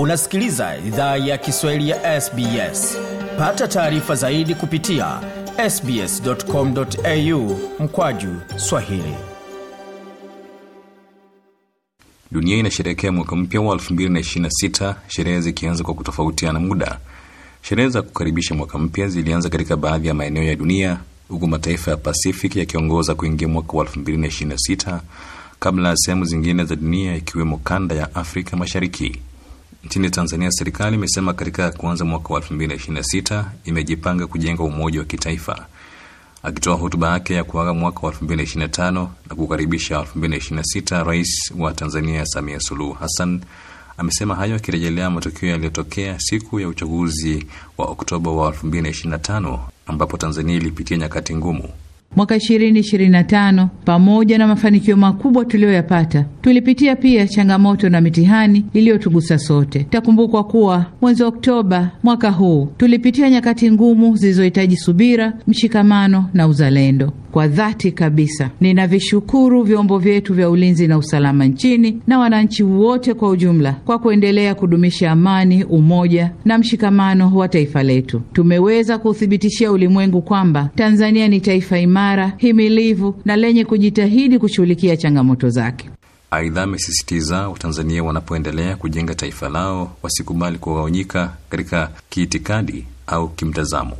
unasikiliza idhaa ya kiswahili ya sbs pata taarifa zaidi kupitia sbscomau mkwaju swahili dunia inasherehekea mwaka mpya wa 226 sherehe zikianza kwa kutofautiana muda sherehe za kukaribisha mwaka mpya zilianza katika baadhi ya maeneo ya dunia huku mataifa ya pacific yakiongoza kuingia mwaka wa 226 kabla ya sehemu zingine za dunia ikiwemo kanda ya afrika mashariki Nchini Tanzania, serikali imesema katika kuanza mwaka wa 2026 imejipanga kujenga umoja wa kitaifa. Akitoa hotuba yake ya kuaga mwaka wa 2025 na kukaribisha 2026, Rais wa Tanzania Samia Suluhu Hassan amesema hayo akirejelea matukio yaliyotokea siku ya uchaguzi wa Oktoba wa 2025 ambapo Tanzania ilipitia nyakati ngumu mwaka 2025. Pamoja na mafanikio makubwa tuliyoyapata, tulipitia pia changamoto na mitihani iliyotugusa sote. Takumbukwa kuwa mwezi Oktoba mwaka huu tulipitia nyakati ngumu zilizohitaji subira, mshikamano na uzalendo kwa dhati kabisa. Ninavishukuru vyombo vyetu vya ulinzi na usalama nchini na wananchi wote kwa ujumla kwa kuendelea kudumisha amani, umoja na mshikamano wa taifa letu. Tumeweza kuuthibitishia ulimwengu kwamba Tanzania ni taifa imara, himilivu na lenye kujitahidi kushughulikia changamoto zake. Aidha, amesisitiza Watanzania wanapoendelea kujenga taifa lao wasikubali kugawanyika katika kiitikadi au kimtazamo.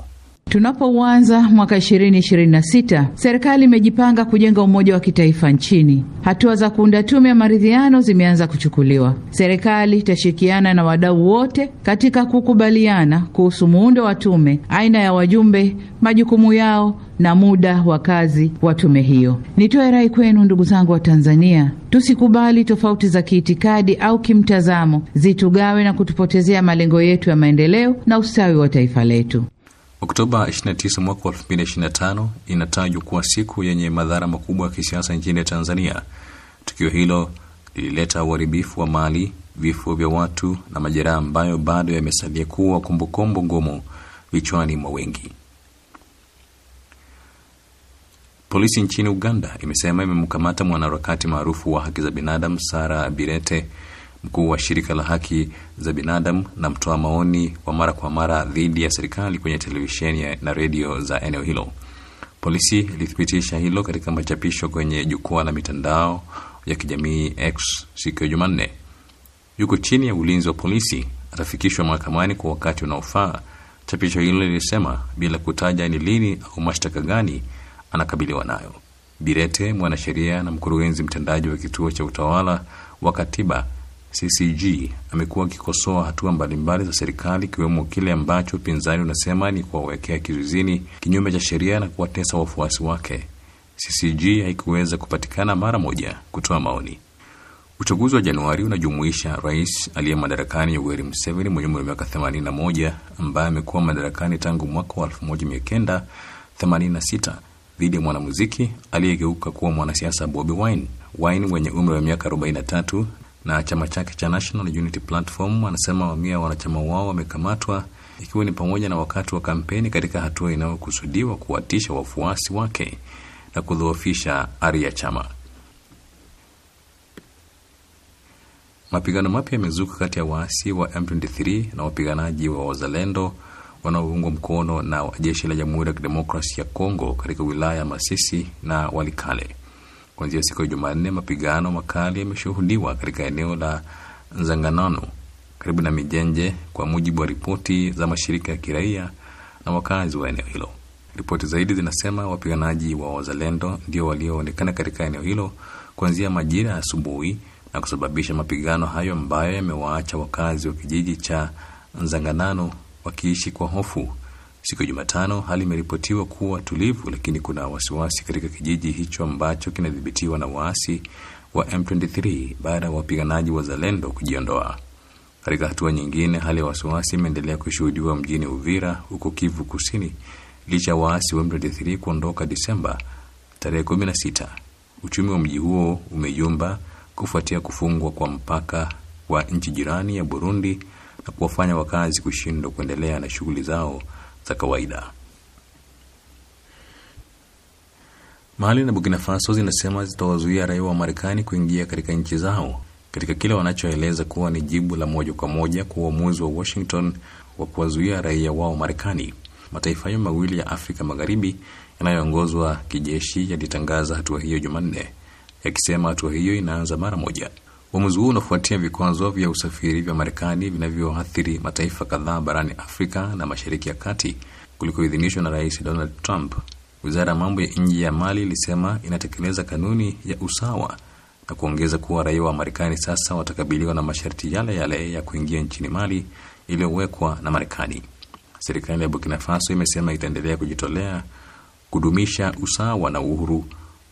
Tunapouanza mwaka 2026 serikali imejipanga kujenga umoja wa kitaifa nchini. Hatua za kuunda tume ya maridhiano zimeanza kuchukuliwa. Serikali itashirikiana na wadau wote katika kukubaliana kuhusu muundo wa tume, aina ya wajumbe, majukumu yao na muda wa kazi wa tume hiyo. Nitoe rai kwenu ndugu zangu wa Tanzania, tusikubali tofauti za kiitikadi au kimtazamo zitugawe na kutupotezea malengo yetu ya maendeleo na ustawi wa taifa letu. Oktoba 29 mwaka 2025 inatajwa kuwa siku yenye madhara makubwa ya kisiasa nchini Tanzania. Tukio hilo lilileta uharibifu wa mali, vifo vya watu na majeraha ambayo bado yamesalia kuwa kumbukumbu ngumu vichwani mwa wengi. Polisi nchini Uganda imesema imemkamata mwanaharakati maarufu wa haki za binadamu Sara Birete mkuu wa shirika la haki za binadamu na mtoa maoni wa mara kwa mara dhidi ya serikali kwenye televisheni na redio za eneo hilo. Polisi ilithibitisha hilo katika machapisho kwenye jukwaa la mitandao ya kijamii X siku ya Jumanne. Yuko chini ya ulinzi wa polisi, atafikishwa mahakamani kwa wakati unaofaa, chapisho hilo lilisema, bila kutaja ni lini au mashtaka gani anakabiliwa nayo. Birete, mwanasheria na mkurugenzi mtendaji wa kituo cha utawala wa katiba CCG amekuwa akikosoa hatua mbalimbali za serikali ikiwemo kile ambacho upinzani unasema ni kuwawekea kizuizini kinyume cha sheria na kuwatesa wafuasi wake. CCG haikuweza kupatikana mara moja kutoa maoni. Uchaguzi wa Januari unajumuisha rais aliye madarakani Yoweri Museveni mwenye umri wa miaka 81 ambaye amekuwa madarakani tangu mwaka wa 1986 dhidi ya mwanamuziki aliyegeuka kuwa mwanasiasa Bobi Wine. Wine mwenye umri wa miaka 43 na chama chake cha National Unity Platform anasema mamia ya wanachama wao wamekamatwa ikiwa ni pamoja na wakati wa kampeni katika hatua inayokusudiwa kuwatisha wafuasi wake na kudhoofisha ari ya chama. Mapigano mapya yamezuka kati ya waasi wa M23 na wapiganaji wa wazalendo wanaoungwa mkono na jeshi la Jamhuri ya Kidemokrasia ya Kongo katika wilaya ya Masisi na Walikale. Kuanzia siku ya Jumanne, mapigano makali yameshuhudiwa katika eneo la Nzanganano karibu na Mijenje, kwa mujibu wa ripoti za mashirika ya kiraia na wakazi wa eneo hilo. Ripoti zaidi zinasema wapiganaji wa wazalendo ndio walioonekana katika eneo hilo kuanzia majira ya asubuhi na kusababisha mapigano hayo ambayo yamewaacha wakazi wa kijiji cha Nzanganano wakiishi kwa hofu Siku ya Jumatano hali imeripotiwa kuwa tulivu, lakini kuna wasiwasi katika kijiji hicho ambacho kinadhibitiwa na waasi wa M23 baada ya wapiganaji wa Zalendo kujiondoa. Katika hatua nyingine, hali ya wasiwasi imeendelea kushuhudiwa mjini Uvira huko Kivu Kusini licha ya waasi wa M23 kuondoka Disemba tarehe 16. Uchumi wa mji huo umeyumba kufuatia kufungwa kwa mpaka wa nchi jirani ya Burundi na kuwafanya wakazi kushindwa kuendelea na shughuli zao za kawaida. Mali na Burkina Faso zinasema zitawazuia raia wa Marekani kuingia katika nchi zao katika kile wanachoeleza kuwa ni jibu la moja kwa moja kwa uamuzi wa Washington wa kuwazuia raia wao Marekani. Mataifa hayo mawili ya Afrika Magharibi yanayoongozwa kijeshi yalitangaza hatua hiyo Jumanne, yakisema hatua hiyo inaanza mara moja. Uamuzi huo unafuatia vikwazo vya usafiri vya Marekani vinavyoathiri mataifa kadhaa barani Afrika na Mashariki ya Kati kulikoidhinishwa na Rais Donald Trump. Wizara ya mambo ya nje ya Mali ilisema inatekeleza kanuni ya usawa na kuongeza kuwa raia wa Marekani sasa watakabiliwa na masharti yale yale ya kuingia nchini Mali iliyowekwa na Marekani. Serikali ya Burkina Faso imesema itaendelea kujitolea kudumisha usawa na uhuru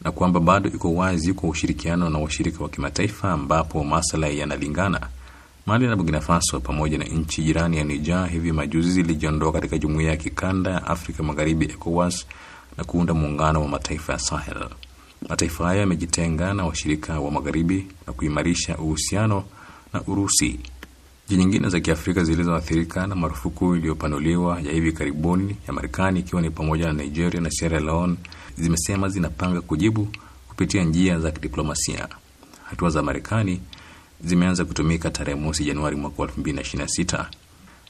na kwamba bado iko wazi kwa ushirikiano na washirika wa kimataifa ambapo masala yanalingana. Mali na Burkina Faso pamoja na nchi jirani ya Niger hivi majuzi zilijiondoa katika jumuiya ya kikanda ya Afrika Magharibi, ECOWAS, na kuunda muungano wa mataifa ya Sahel. Mataifa haya yamejitenga na washirika wa magharibi na kuimarisha uhusiano na Urusi. Nchi nyingine za Kiafrika zilizoathirika na marufuku iliyopanuliwa ya hivi karibuni ya Marekani ikiwa ni pamoja na Nigeria na Sierra Leone zimesema zinapanga kujibu kupitia njia za kidiplomasia. Hatua za Marekani zimeanza kutumika tarehe mosi Januari mwaka 2026.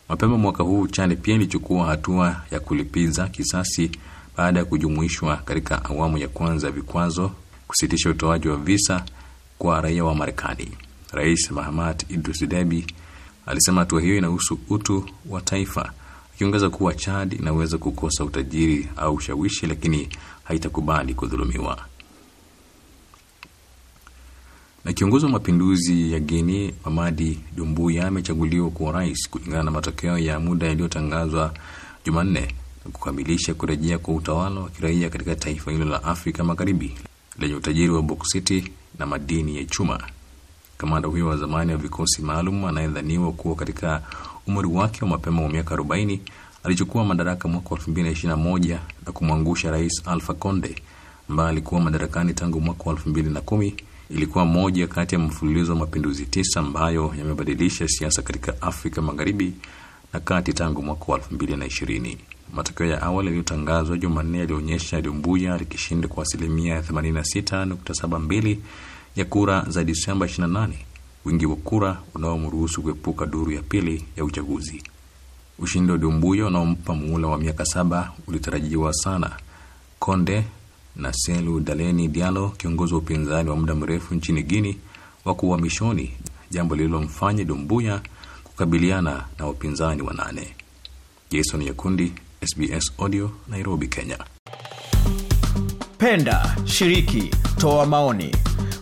Mapema mwaka huu Chani pia ilichukua hatua ya kulipiza kisasi baada ya kujumuishwa katika awamu ya kwanza vikwazo kusitisha utoaji wa visa kwa raia wa Marekani. Rais Mahamat Idris Debi Alisema hatua hiyo inahusu utu wa taifa, akiongeza kuwa Chad inaweza kukosa utajiri au ushawishi, lakini haitakubali kudhulumiwa. Na kiongozi wa mapinduzi ya Gini, Mamadi Dumbuya amechaguliwa kuwa rais kulingana na matokeo ya muda yaliyotangazwa Jumanne na kukamilisha kurejea kwa utawala wa kiraia katika taifa hilo la Afrika Magharibi lenye utajiri wa boksiti na madini ya chuma. Kamanda huyo wa zamani wa vikosi maalum anayedhaniwa kuwa katika umri wake wa mapema wa miaka 40 alichukua madaraka mwaka 2021 na kumwangusha Rais Alpha Conde ambaye alikuwa madarakani tangu mwaka 2010. Ilikuwa moja kati ya mfululizo wa mapinduzi tisa ambayo yamebadilisha siasa katika Afrika Magharibi na kati tangu mwaka wa 2020. Matokeo ya awali yaliyotangazwa Jumanne yalionyesha Dumbuya likishinda kwa asilimia 86.72 ya kura za Disemba 28, wingi wa kura unaomruhusu kuepuka duru ya pili ya uchaguzi. Ushindi wa Dumbuya unaompa muhula wa miaka saba ulitarajiwa sana. Konde na Selu Daleni Dialo, kiongozi wa upinzani wa muda mrefu nchini Guini, wako uhamishoni, jambo lililomfanya Dumbuya kukabiliana na wapinzani wanane. Jason Yakundi, SBS Audio, Nairobi, Kenya. Penda, shiriki, toa maoni.